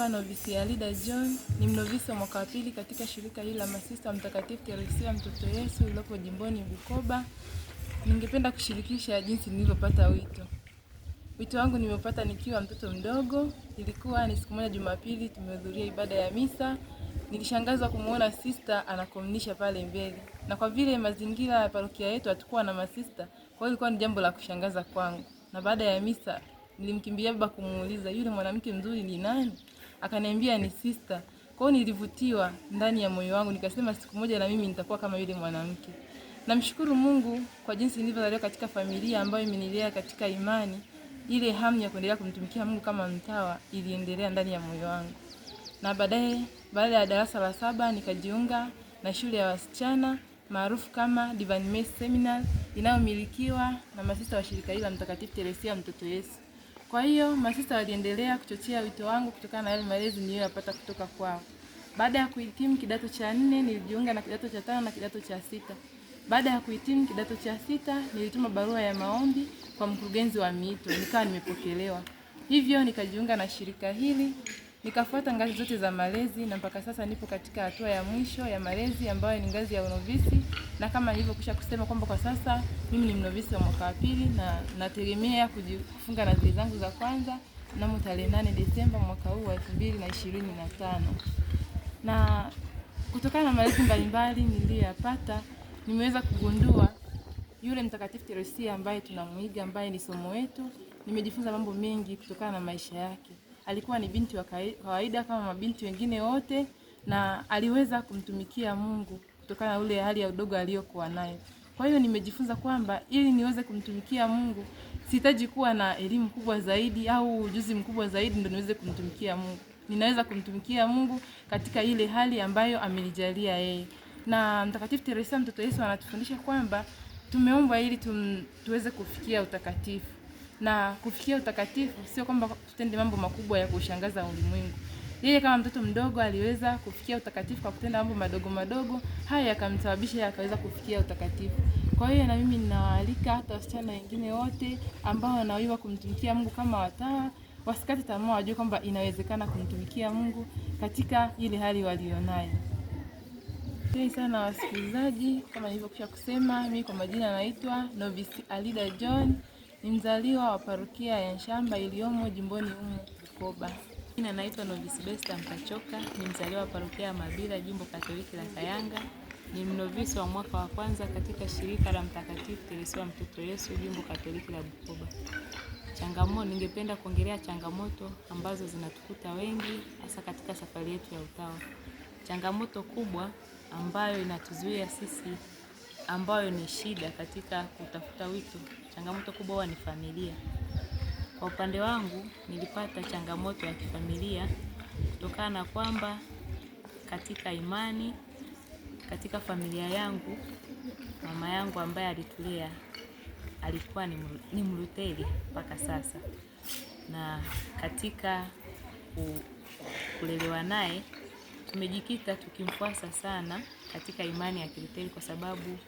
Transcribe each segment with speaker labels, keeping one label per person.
Speaker 1: naitwa Novisi Alida John, ni mnovisi wa mwaka wa pili katika shirika hili la masista wa Mtakatifu Teresia mtoto Yesu lililopo jimboni Bukoba. Ningependa kushirikisha jinsi nilivyopata wito. Wito wangu nimepata nikiwa mtoto mdogo. Ilikuwa ni siku moja Jumapili, tumehudhuria ibada ya misa. Nilishangazwa kumuona sista anakomunisha pale mbele, na kwa vile mazingira ya parokia yetu hatukuwa na masista, kwa hiyo ilikuwa ni jambo la kushangaza kwangu. Na baada ya misa nilimkimbia baba kumuuliza yule mwanamke mzuri ni nani? akaniambia ni sister. Kwa hiyo nilivutiwa ndani ya moyo wangu, nikasema siku moja na mimi nitakuwa kama yule mwanamke. Namshukuru Mungu kwa jinsi nilivyozaliwa katika familia ambayo imenilea katika imani. Ile hamu ya kuendelea kumtumikia Mungu kama mtawa iliendelea ndani ya moyo wangu, na baadaye, baada ya darasa la saba nikajiunga na shule ya wasichana maarufu kama Divine Mercy Seminar inayomilikiwa na masista wa shirika hili la Mtakatifu Teresia mtoto Yesu. Kwa hiyo masista waliendelea kuchochea wito wangu kutokana na yale malezi niliyoyapata kutoka kwao. Baada ya kuhitimu kidato cha nne, nilijiunga na kidato cha tano na kidato cha sita. Baada ya kuhitimu kidato cha sita, nilituma barua ya maombi kwa mkurugenzi wa miito, nikawa nimepokelewa, hivyo nikajiunga na shirika hili Nikafuata ngazi zote za malezi na mpaka sasa nipo katika hatua ya mwisho ya malezi ambayo ni ngazi ya unovisi, na kama nilivyokwisha kusema kwamba kwa sasa mimi ni mnovisi wa mwaka wa pili na nategemea kujifunga nadhiri zangu za kwanza mnamo tarehe nane Desemba mwaka huu wa tano. Na kutokana na malezi mbalimbali niliyoyapata, nimeweza kugundua yule Mtakatifu Teresia ambaye tunamwiga, ambaye ni somo wetu, nimejifunza mambo mengi kutokana na maisha yake alikuwa ni binti wa kawaida kama mabinti wengine wote, na aliweza kumtumikia Mungu kutokana na ule hali ya udogo aliyokuwa nayo. Kwa hiyo nimejifunza kwamba ili niweze kumtumikia Mungu sihitaji kuwa na elimu kubwa zaidi au ujuzi mkubwa zaidi ndio niweze kumtumikia Mungu. Ninaweza kumtumikia Mungu katika ile hali ambayo amenijalia yeye. Na Mtakatifu Teresa mtoto Yesu anatufundisha kwamba tumeombwa ili tum, tuweze kufikia utakatifu na kufikia utakatifu sio kwamba tutende mambo makubwa ya kushangaza ulimwengu. Yeye kama mtoto mdogo aliweza kufikia utakatifu kwa kutenda mambo madogo madogo, haya yakamsababisha akaweza kufikia utakatifu. Kwa hiyo na mimi ninawaalika hata wasichana wengine wote ambao wanawiwa kumtumikia Mungu kama watawa, wasikate tamaa, wajue kwamba inawezekana kumtumikia Mungu katika ile hali walionayo. Asanteni sana wasikilizaji, kama nilivyokwisha kusema, mimi kwa majina naitwa Novice Alida John. Ni mzaliwa wa parokia ya Nshamba iliyomo jimboni humo Bukoba. Mimi naitwa Novice Mkachoka, ni mzaliwa wa parokia ya Mabila, jimbo Katoliki la Kayanga. Ni mnovisi wa mwaka wa kwanza katika shirika la Mtakatifu Teresia Mtoto Yesu, jimbo Katoliki la Bukoba. Changamoto, ningependa kuongelea changamoto ambazo zinatukuta wengi hasa katika safari yetu ya utawa. Changamoto kubwa ambayo inatuzuia sisi, ambayo ni shida katika kutafuta wito Changamoto kubwa huwa ni familia. Kwa upande wangu, nilipata changamoto ya kifamilia kutokana na kwamba katika imani, katika familia yangu, mama yangu ambaye alitulea, alikuwa ni mruteli mpaka sasa. Na katika kulelewa naye, tumejikita tukimfuasa sana katika imani ya kilutheri kwa sababu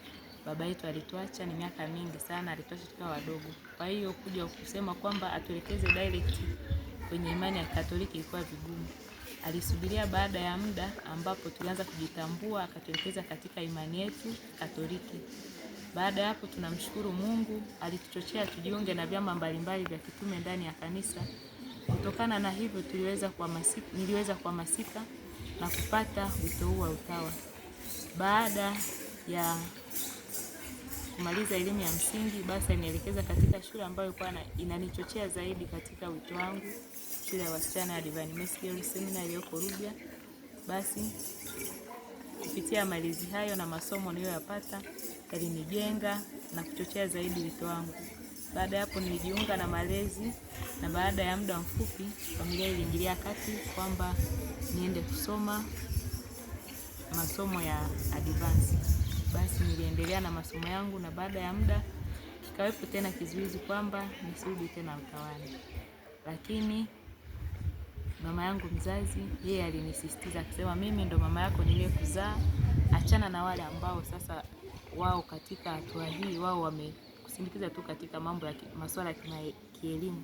Speaker 1: baba yetu alituacha, ni miaka mingi sana, alituacha tukiwa wadogo. Kwa hiyo kuja kusema kwamba atuelekeze direct kwenye imani ya Katoliki ilikuwa vigumu. Alisubiria baada ya muda ambapo tulianza kujitambua, akatuelekeza katika imani yetu Katoliki. Baada ya hapo, tunamshukuru Mungu, alituchochea tujiunge na vyama mbalimbali vya kitume ndani ya kanisa. Kutokana na hivyo tuliweza kuhamasika, niliweza kuhamasika na kupata wito huu wa utawa baada ya kumaliza elimu ya msingi, basi alinielekeza katika shule ambayo ilikuwa inanichochea zaidi katika wito wangu, shule ya wasichana ya Divine Mercy Girls Seminar iliyoko Rubya. Basi kupitia malezi hayo na masomo niliyoyapata yalinijenga na kuchochea zaidi wito wangu. Baada ya hapo nilijiunga na malezi na baada ya muda mfupi familia iliingilia kati kwamba niende kusoma masomo ya advance. Basi niliendelea na masomo yangu, na baada ya muda kikawepo tena kizuizi kwamba nisirudi tena utawani, lakini mama yangu mzazi yeye alinisisitiza akisema, mimi ndo mama yako niliyekuzaa, achana na wale ambao sasa wao katika hatua hii wao wamekusindikiza tu katika mambo ya masuala ya kielimu,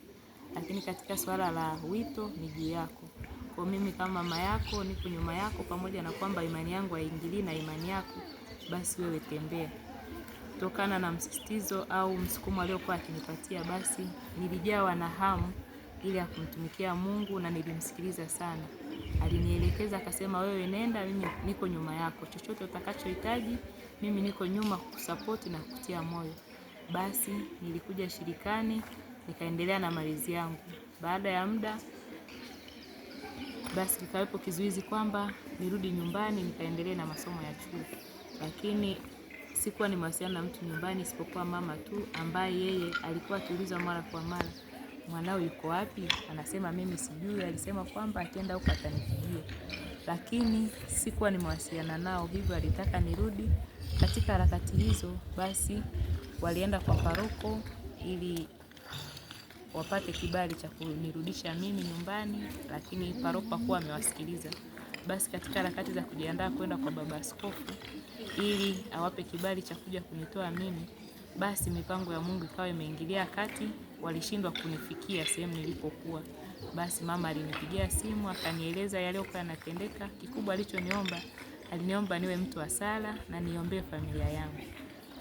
Speaker 1: lakini katika swala la wito ni juu yako. Kwa mimi kama mama yako niko nyuma yako, pamoja na kwamba imani yangu haingilii na imani yako basi wewe tembea. Kutokana na msisitizo au msukumo aliokuwa akinipatia, basi nilijawa na hamu ili ya kumtumikia Mungu na nilimsikiliza sana. Alinielekeza akasema, wewe nenda, mimi niko nyuma yako, chochote utakachohitaji mimi niko nyuma kukusapoti na kukutia moyo. Basi nilikuja shirikani nikaendelea na malezi yangu. Baada ya muda basi kikawepo kizuizi kwamba nirudi nyumbani nikaendelee na masomo ya chuo lakini sikuwa ni nimewasiliana na mtu nyumbani isipokuwa mama tu, ambaye yeye alikuwa akiulizwa mara kwa mara, mwanao yuko wapi? Anasema mimi sijui, alisema kwamba akienda huko atanipigia, lakini sikuwa nimewasiliana nao, hivyo alitaka nirudi. Katika harakati hizo, basi walienda kwa paroko ili wapate kibali cha kunirudisha mimi nyumbani, lakini paroko hakuwa amewasikiliza. Basi katika harakati za kujiandaa kwenda kwa baba askofu ili awape kibali cha kuja kunitoa mimi, basi mipango ya Mungu ikawa imeingilia kati, walishindwa kunifikia sehemu nilipokuwa. Basi mama alinipigia simu akanieleza yaliyokuwa yanatendeka. Kikubwa alichoniomba aliniomba niwe mtu wa sala na niombee familia yangu.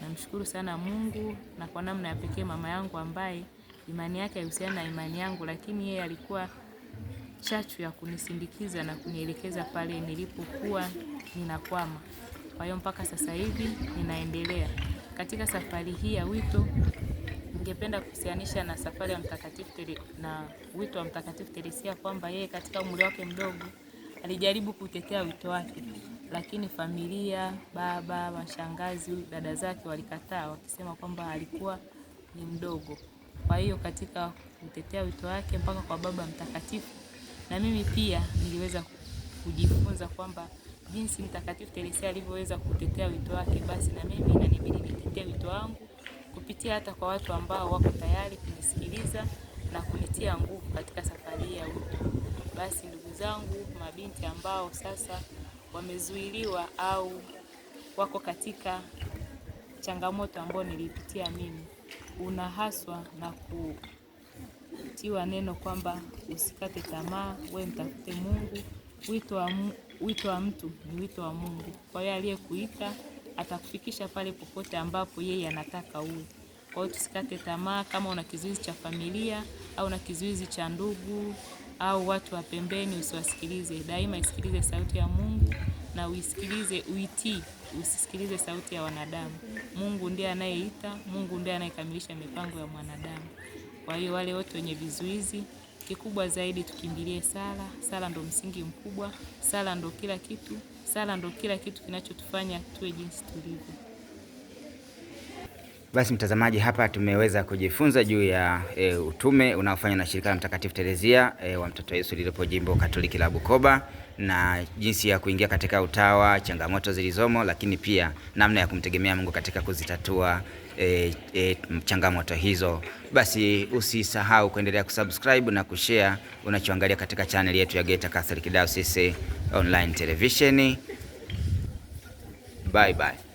Speaker 1: Namshukuru sana Mungu na kwa namna ya pekee mama yangu ambaye imani yake haihusiana na imani yangu, lakini yeye alikuwa chachu ya kunisindikiza na kunielekeza pale nilipokuwa ninakwama. Kwa hiyo mpaka sasa hivi ninaendelea katika safari hii ya wito. Ningependa kuhusianisha na safari ya mtakatifu na wito wa Mtakatifu Teresia kwamba yeye katika umri wake mdogo alijaribu kutetea wito wake, lakini familia, baba, washangazi, dada zake walikataa wakisema kwamba alikuwa ni mdogo. Kwa hiyo katika kutetea wito wake mpaka kwa Baba Mtakatifu, na mimi pia niliweza kujifunza kwamba jinsi Mtakatifu Teresia alivyoweza kutetea wito wake, basi na mimi inanibidi nitetee wito wangu kupitia hata kwa watu ambao wako tayari kunisikiliza na kunitia nguvu katika safari ya wito. Basi ndugu zangu, mabinti ambao sasa wamezuiliwa au wako katika changamoto ambayo nilipitia mimi, unahaswa na kutiwa neno kwamba usikate tamaa, we mtafute Mungu. Wito wa wito wa mtu ni wito wa Mungu. Kwa hiyo aliyekuita atakufikisha pale popote ambapo yeye anataka uwe. Kwa hiyo tusikate tamaa, kama una kizuizi cha familia au na kizuizi cha ndugu au watu wa pembeni, usiwasikilize. Daima isikilize sauti ya Mungu na uisikilize, uitii, usisikilize sauti ya wanadamu. Mungu ndiye anayeita, Mungu ndiye anayekamilisha mipango ya mwanadamu. Kwa hiyo wale wote wenye
Speaker 2: vizuizi Kikubwa zaidi tukimbilie sala. Sala ndo msingi mkubwa, sala ndo kila kitu, sala ndo kila kitu kinachotufanya tuwe jinsi tulivyo. Basi mtazamaji, hapa tumeweza kujifunza juu ya e, utume unaofanywa na shirika la Mtakatifu Terezia e, wa mtoto Yesu lilipo jimbo Katoliki la Bukoba na jinsi ya kuingia katika utawa, changamoto zilizomo, lakini pia namna ya kumtegemea Mungu katika kuzitatua e, e, changamoto hizo, basi usisahau kuendelea kusubscribe na kushare unachoangalia katika channel yetu ya Geita Catholic Diocese Online Television. Bye bye.